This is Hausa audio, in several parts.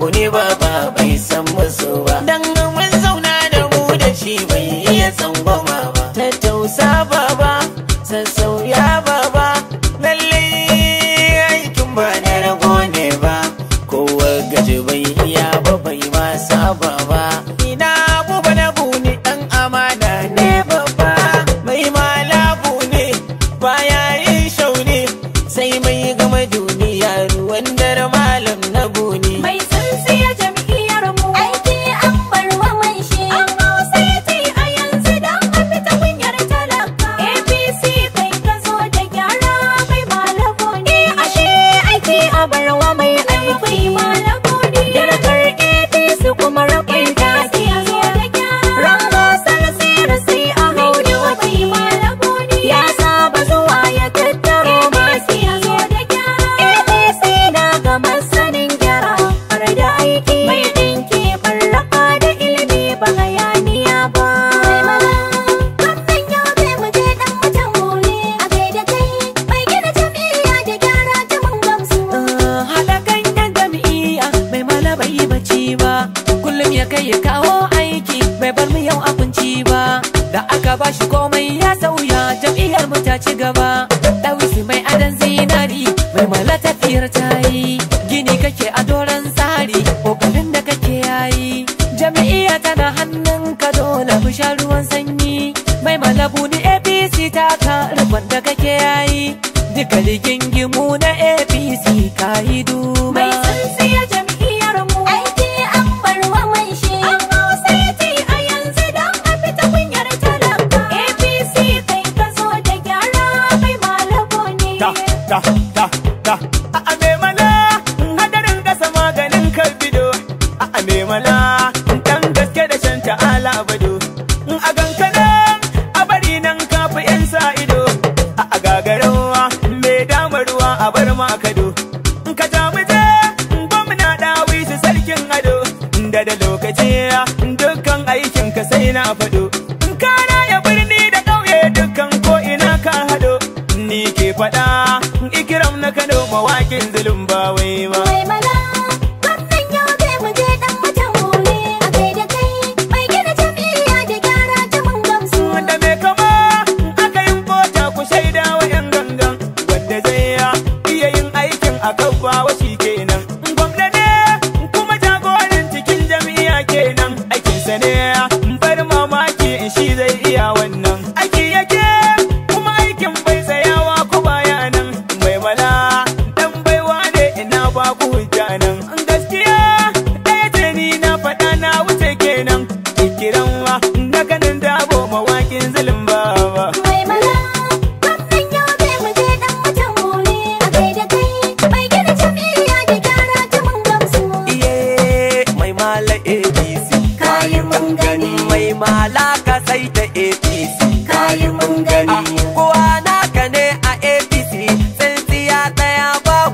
mu ba ba bai san musu ba kawo aiki bai bar mu yau a kunci ba da aka ba shi komai ya sauya jam'iyyar mu ta ci gaba ɗawisi mai adan zinari mai mala tafiyar tayi gini kake a doron tsari kokarin da kake yayi jam'iyya tana hannun ka dole mu sha ruwan sanyi mai malabu ni apc ta ka rabon da kake yayi duka rigingimu bar ma kado ka ja je gwamna dawi su sarkin ado da da lokaci dukkan aikin ka sai na fado in ka ya birni da ƙauye dukkan ko ina ka hado ni ke faɗa ikiram na kano mawakin zulum ba wai ba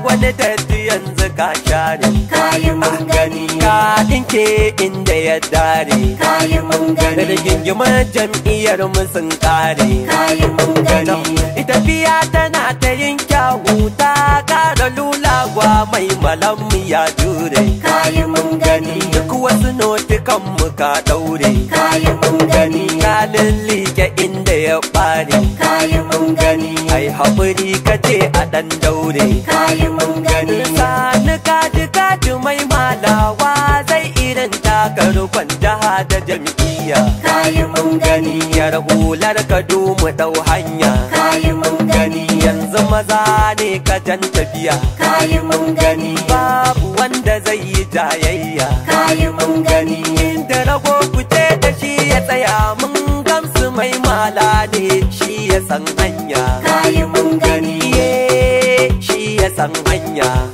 wani datti yanzu ka share kayi mun gani ka dinke inda ya dare kayi mun gani da gingimar jam'iyyar mu sun kare kayi mun gani ita biya tana ta yin kyawu ta kara lulawa mai malam ya jure kayi mun gani duk wasu notukan mu ka daure kayi mun gani kalin kare kayi mun gani ai haƙuri kace a ɗan daure kayi mun gani sani kaji kaji mai malawa zai irin taka rufan da jam'iyya kayi mun gani yar hular ka mu ɗau hanya kayi mun gani yanzu maza ne ka jan tafiya kayi mun gani babu wanda zai yi jayayya kayi mun gani inda rago fice da shi ya tsaya mun gamsu mai malani sang anh nhà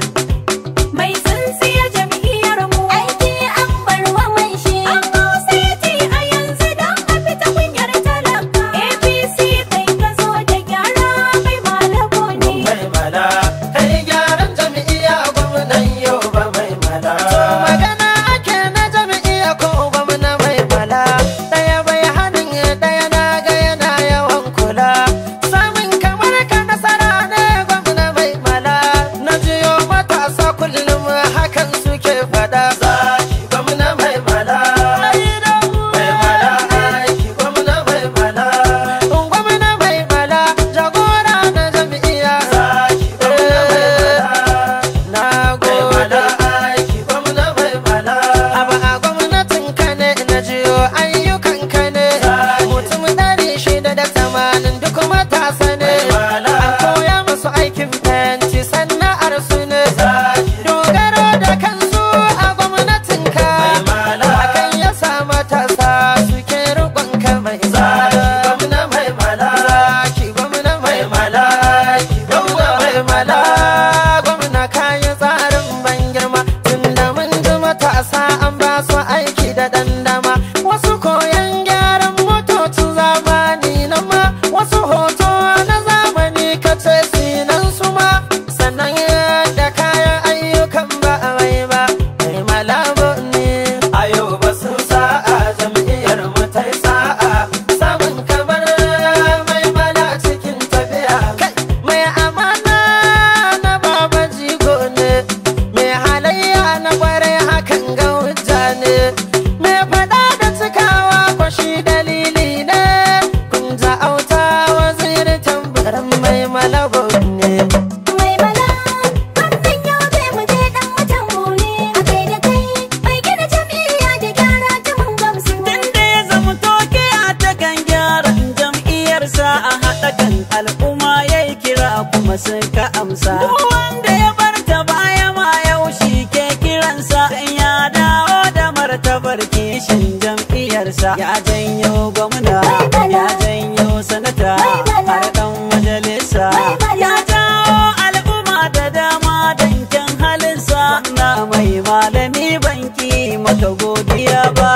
mata godiya ba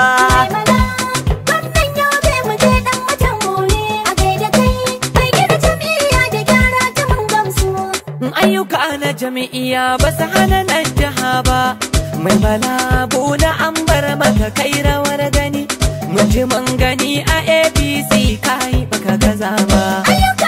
ayyuka na jami'iya ba su hana nan jiha ba mai malabu na an bar maka kai rawar gani mun ji mun gani a apc kai baka gaza ba ayyuka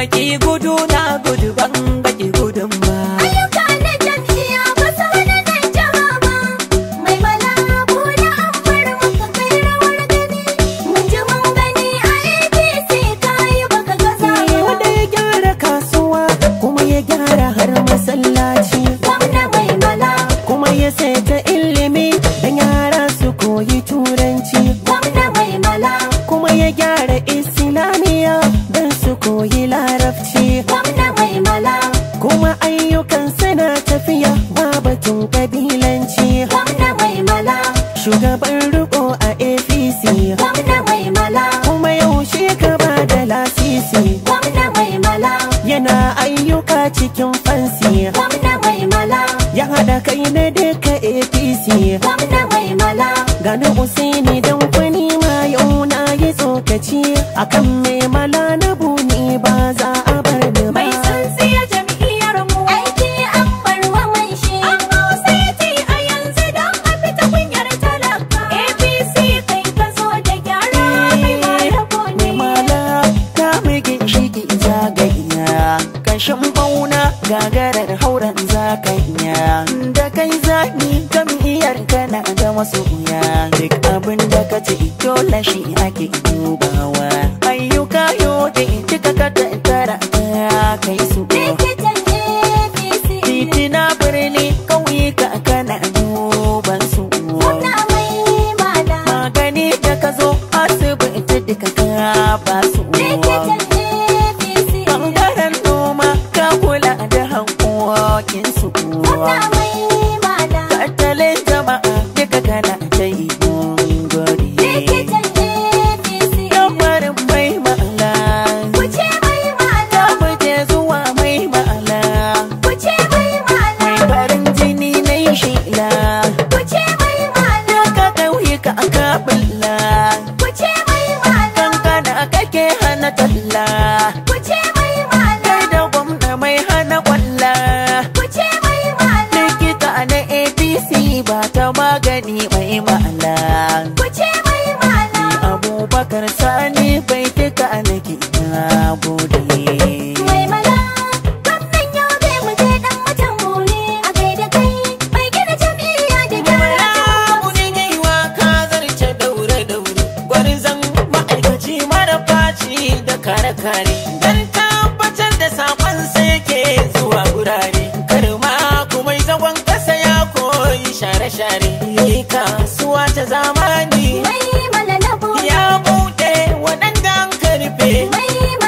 maki gudu na gudu ban baki gudun ba ayyuka na jam'iyya ba su wani nan jama ba mai malabu na amfar maka kai rawar gani mun ji mun gani a apc yi baka gaza ba wanda ya gyara kasuwa kuma ya gyara har masallaci cikin fansi Gwamna mai mala Ya haɗa kai na duka APC Gwamna mai mala Gani Usaini don kwani ma yau na yi tsokaci Akan maimala mala collège. Wakar sani bai duka aliki na gode. Mai mala, gwamnan yau bai mu je ne a kai da kai gina jam'iyya gyara. daure daure ma'aikaci mara da kare kare. Dan tabbatar da sakon sai ke zuwa gurare. Karma kuma zagon kasa ya koyi share-share. Kasuwa ta zamani. Mai malala. ya waɗanda an karfe.